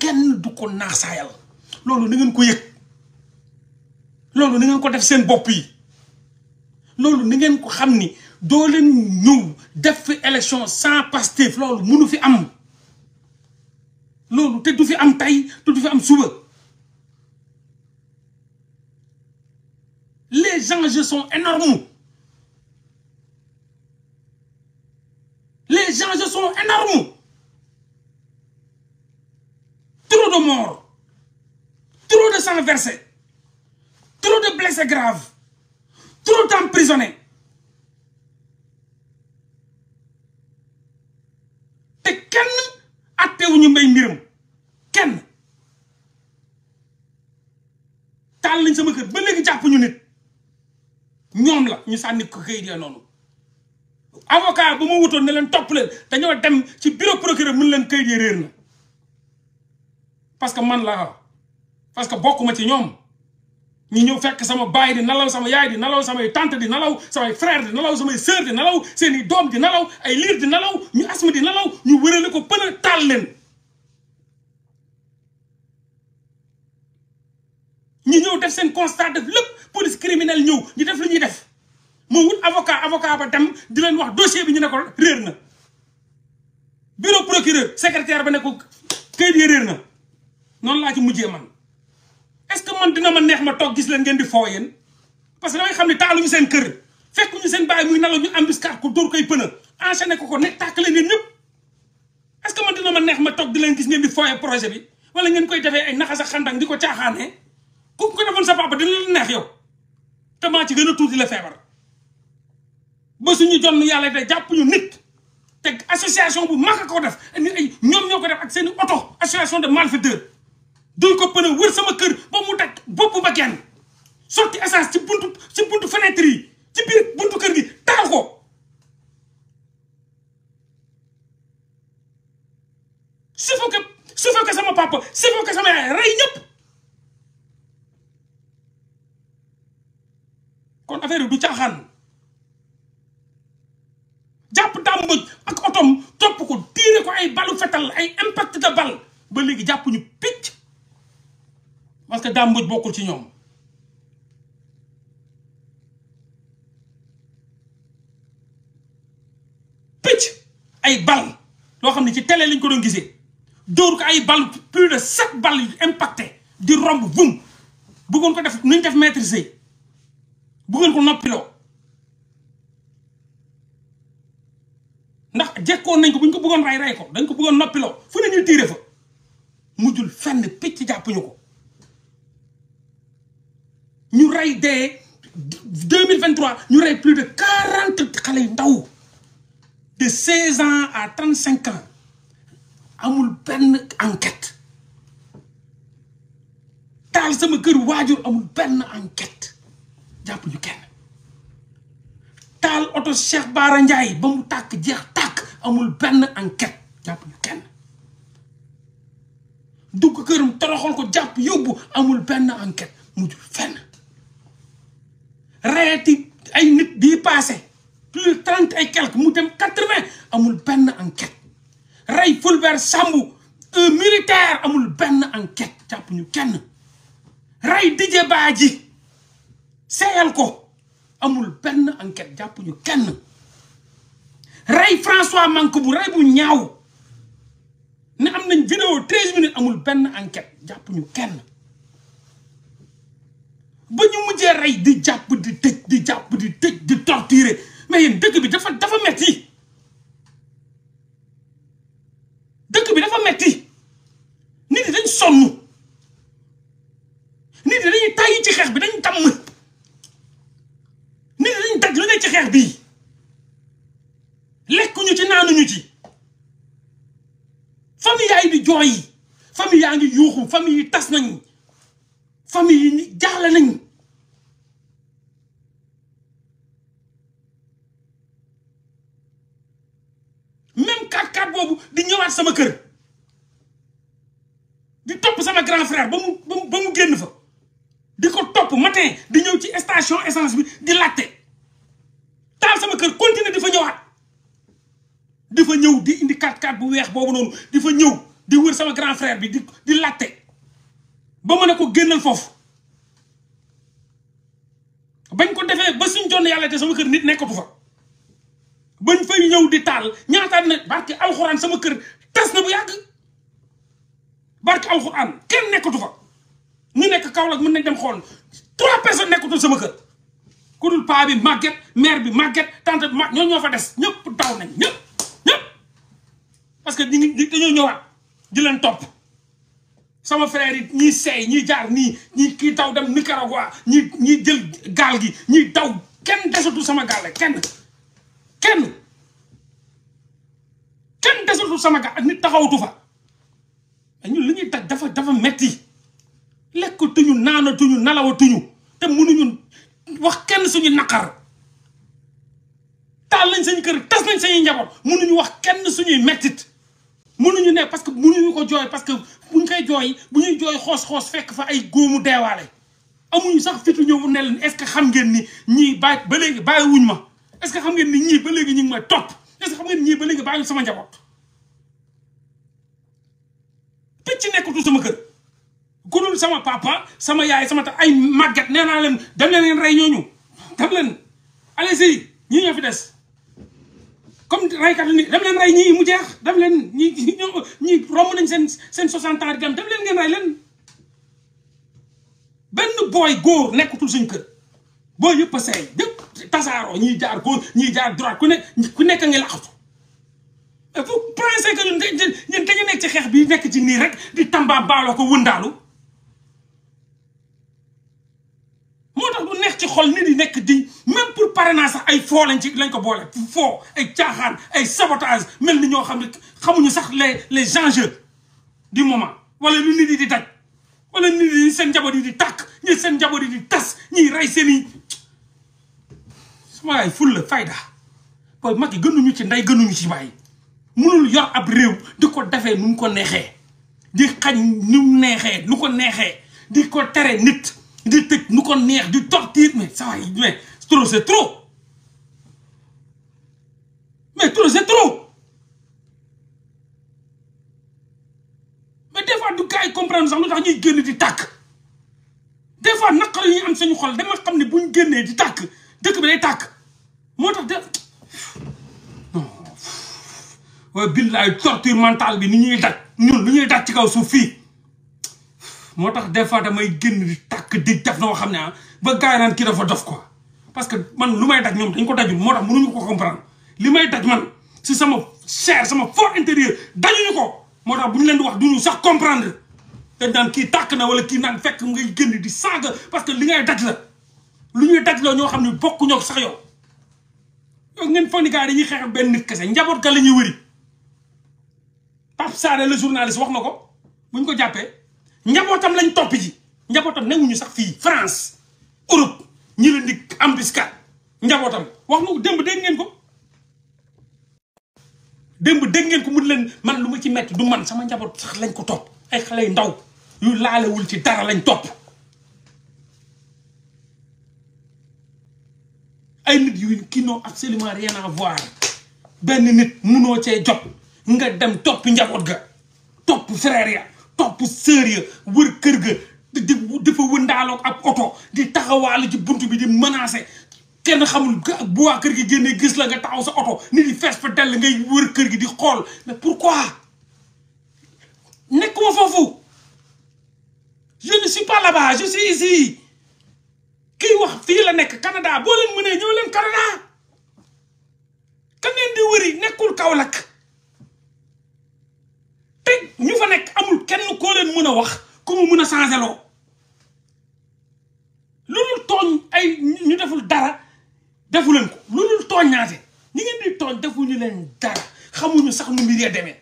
kenn du ko naasaayal loolu na ngeen ko yeg loolu na ngeen ko def seen bopp loolu na ngeen ko xam ni doo leen ñëw def fi élection sans Pastef loolu munu fi am loolu te du fi am tay te du fi am suba les enjeux sont énormes les enjeux sont énormes renversés trop de blessés graves trop d'emprisonnés te kenn attewuñu mbay mbiram kenn taal lañ sama kër ba léegi jàppuñu nit ñoom la ñu sànni ko këyit ya noonu bu ma wutoon ne leen topp leen dañoo dem ci bureau procureur mën leen këyit ya réer na parce que man la parce que bokkuma ci ñoom ñu ñëw fekk sama baay di nalaw sama nalaw samay tante di nalaw samay frère di nalaw samay sœur di nalaw seeni doom di nalaw ay liir di nalaw ñu asma di nalaw ñu wërale ko pën a taal leen ñu ñëw def seen constat def lépp police criminelle ñëw ñu def lu ñuy def moo wut avocat avocat ba dem di leen wax dossier bi ñu ne ko réer na bureau procureur secrétaire ba ne ko kayit yi réer na noonu laa ci mujjee man est-ce que man dina ma neex ma toog gis leen ngeen di foo parce que damay xam ne taaluñu seen kër fekkuñu seen bàyyi muy nalaw ñu embuscade ko dóor koy pëna enchaîné ko ko ne tàkk leen yéen ñëpp est ma neex ma toog di leen gis ngeen di fooye projet bi wala ngeen koy defee ay naxas ak xandang di ko caaxaanee ku ko defoon sa papa dina la neex yow te maa ci gën a tuuti la feebar ba suñu jonn yàlla de jàpp ñu nit te association bu mag a ko def ni ay ñoom ñoo ko def ak seen i oto association de malfaiteurs duñ ko pën a wër sama kër ba mu daj bopp ba genn sotti essence ci buntu ci buntu fenêtre yi ci biir buntu kër gi taal ko suffoqué suffoqué sama papa suffoqué sama yaay rey ñëpp kon affaire yi du caaxaan jàpp dàmboj ak otom topp ko tiire ko ay balu fetal ay impact de bal ba léegi jàpp ñu picc parce que Dame Mbodj ci ñoom picc ay bal loo xam ne ci tele lañ ko doon gisee dóor ko ay bal plus de sept bal yu impacté di romb bum bëggoon ko def nuñ def maîtriser bëggoon ko noppiloo ndax jekkoon nañ ko bu ñu ko bëggoon ray ray ko dañ ko bëggoon noppiloo fu ne ñuy tiire fa mujjul fenn picc jàppuñu ko ñu rey dee deux mille vingt ñu rey plus de quarante xale yu ndaw de seize ans à trente cinq ans amul benn enquête taal sama kër waajur amul benn enquête jàpp ñu kenn taal oto Cheikh Bara Ndiaye ba mu tàkk jeex tàkk amul benn enquête jàpp ñu kenn dugg këram toroxal ko jàpp yóbbu amul benn enquête mujjul fenn rayati ay nit bii passé plus de trente et quelque mu dem quatre-vingts amul benn enquête rey Fulbert Sambou un militaire amul benn enquête jàpp ñu kenn rey Didier Badji seeyal ko amul benn enquêt jàpp ñu kenn rey François Mancabou rey bu ñaaw ne am nañ vidéo treize amul benn enquête jàpp ñu kenn ba ñu mujjee rey di jàpp di tëj di jàpp di tëj di torturer mais yéen dëkk bi dafa dafa metti dëkk bi dafa metti nit dañ sonn nit yi dañuy tàyyi ci xeex bi dañ tàmm nit yi dañ daj lu ci xeex bii lekkuñu ci naanuñu ci famille yaay di jooy famille yaa ngi yuuxu famille yi tas nañ famille yi jaaxle nañ boobu di ñëwaat sama kër di topp sama grand frère ba mu ba mu génn fa di ko topp matin di ñëw ci station essence bi di laajte taal sama kër continuer di fa ñëwaat di fa ñëw di indi 4 x bu weex boobu noonu di fa ñëw di wër sama grand frère bi di di laajte ba mën a ko génnal foofu bañ ko defee ba suñ jonn yàlla te sama kër nit nekkatu fa bañ fay ñëw di taal ñaataat na barke alxuraan sama kër tas na bu yàgg barke alxuraan kenn nekkatu fa ñu nekk kaw Kaolack mën nañ dem xool trois personnes nekkatul sama kër ku dul paa bi màgget mère bi màgget tante bi ñoo ñoo fa des ñëpp daw nañ ñëpp ñëpp parce que ñu ngi dañoo ñëwaat di topp sama frère yi ñii seey ñii jaar nii ñii kii daw dem Nicaragua ñii ñii jël gaal gi ñii daw kenn desatu sama gaal la kenn kenn kenn desatul sama ka ak nit taxawatu fa ñun li ñuy daj dafa dafa metti tuñu naan lekkatuñu naanatuñu nalawatuñu te mënuñu wax kenn suñuy naqar taal lañ sañ kër tas nañ sañuy njaboot mënuñu wax kenn suñuy mettit mënuñu ne parce que mënuñu ko jooy parce que buñ koy jooy bu ñuy jooy xoos-xoos fekk fa ay góomu deewaale amuñu sax fitu ñëw ne leen est-ce que xam ngeen ni ñii bàyyi ba léegi bàyyi wuñ ma est que xam ngeen ni ñii ba léegi ñu ngi may topp est-ce que xam ngeen ñii ba léegi bàyyi sama njaboot picc nekkatu sama kër ku dul sama papa sama yaay sama ta ay màgget nee naa leen dem leen ngeen rey ñooñu dem leen allez yi ñii ñoo fi des comme reykat ni dam leen rey ñii mu jeex dem leen ñi ñi romb nañ seen seen soixante ans gam dem leen ngeen rey leen benn booy góor nekkatul suñ kër boo yëpp a seey yëpp tasaaroo ñiy jaar gauche ñiy jaar droite ku nekk ku nekk ngi laxatu et vous pensez que ñun dañu nekk ci xeex bi nekk ci nii rek di tamba baaloo ko wëndaalu moo tax du neex ci xol nit yi nekk di même pour naa sax ay foo lañ ci lañ ko boole foo ay caaxaan ay sabotage mel ni ñoo xam ne xamuñu sax les les enjeux di moment wala lu nit di daj wala nit yi seen njaboot yi di tàkk ñi seen njaboot yi di tas ñiy rey seen i waaye fulla fayda booy mag yi gënuñu ci ndey gënuñu ci bàyyi munul yor ab réew di ko defee nu mu ko neexee di xañ nu mu neexee lu ko neexee di ko tere nit di tëj nu ko neex di tortir mais ça va mais trop c'est trop mais trop c'est trop mais des fois du gars yi comprendre sax lu tax ñuy génn di tàkk des fois naqar yi ñu am suñu xol dama xam ne buñ génnee di tàkk dëkk bi day tàkk moo tax de waaye billaay torture mentale bi ni ñuy daj ñun lu ñuy daj ci kaw suuf fii moo tax des fois damay génn di tàkk di def noo xam ne ah ba gars yi naan kii dafa dof ko parce que man lu may daj ñoom dañ ko dajul moo tax ñu ko comprendre li may daj man si sama chair sama fort intérieur dajuñu ko moo tax bu ñu leen di wax duñu sax comprendre dañ naan kii tàkk na wala kii naan fekk mu ngay génn di saaga parce que li ngay daj la lu ñuy daj la ñoo xam ne bokkuñoo sax yow ngeen foog ni gars dañuy xeex benn kese njaboot ka la ñuy wëri Pape Sané le journaliste wax na ko buñ ko jàppee njabootam lañ topp ji njabootam newuñu sax fii France Europe ñu leen di embuscade njabootam wax na ko démb dégg ngeen ko démb dégg ngeen ko mun leen man lu ma ci metti du man sama njaboot sax lañ ko topp ay xale yu ndaw yu laalewul ci dara lañ topp ay nit yu qui n'ont absolument rien à voir benn nit munoo cee jot nga dem topp njaboot ga topp frère ya topp sœur ya wër kër ga di dafa wëndaaloog ak oto di taxawaalu ci bunt bi di menacer kenn xamul bu waa kër gi génnee gis la nga taxaw sa oto nit yi fees fa dell ngay wër kër gi di xool mais pourquoi nekkuma foofu je ne suis pas là-bas je suis kii wax fii la nekk Canada boo leen mënee ñëw leen Canada kan leen di wëri nekkul Kaolack te ñu fa nekk amul kenn koo leen mën a wax ku mu mën a changé loo lu dul tooñ ay ñu deful dara defu leen ko lu ñu tooñ ñaate ñi ngeen di tooñ defuñu leen dara xamuñu sax nu mbir ya demee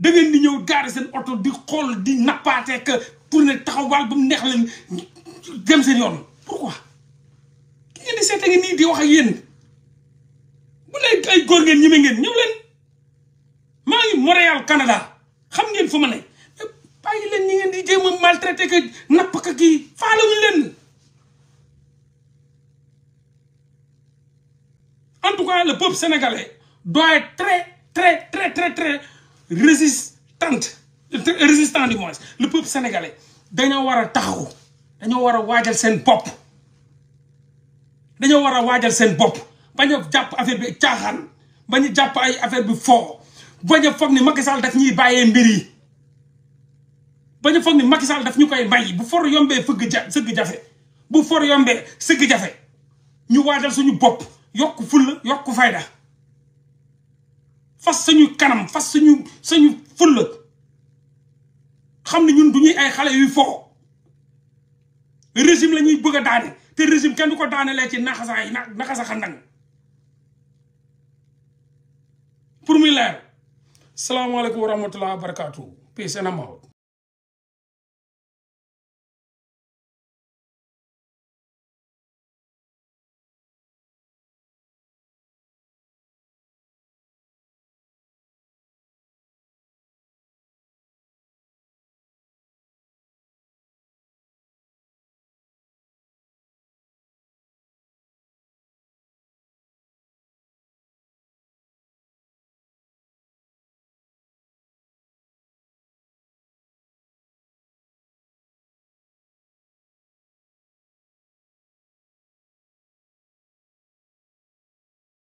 da ngeen di ñëw gaari seen oto di xool di nappaatee pour ne taxawal ba mu neex leen dem seen yoon pourquoi ki ngeen di seeta ngi nii wax ak yéen bu dee ay góor ngeen ñeme ngeen ñëw leen maa ngi Montréal Canada xam ngeen fu ma ne bàyyi leen ñi ngeen di jéem a maltraité que napp ka kii faalewuñu leen en tout cas le peuple sénégalais doit être très très très très très résistant du moins le peuple sénégalais dañoo war a taxaw dañoo war a waajal seen bopp dañoo war a waajal seen bopp bañ a jàpp affaire bi caaxaan bañ a jàpp ay affaire bi foo bañ a foog ni Macky Sall daf ñuy bàyyee mbir yi bañ a foog ni ñu koy may bu for yombee fëgg ja sëgg jafe bu for yombee sëgg jafe ñu waajal suñu bopp yokk fulla yokk fayda fas suñu kanam fas suñu suñu fulla xam ne ñun du ñuy ay xale yuy foo régime la ñuy bëgg a daane te régime kenn du ko daanelee ci naxasaay naxasa xandang pour mu leer salaamaaleykum wa rahmatulah wa barakaatu. peace and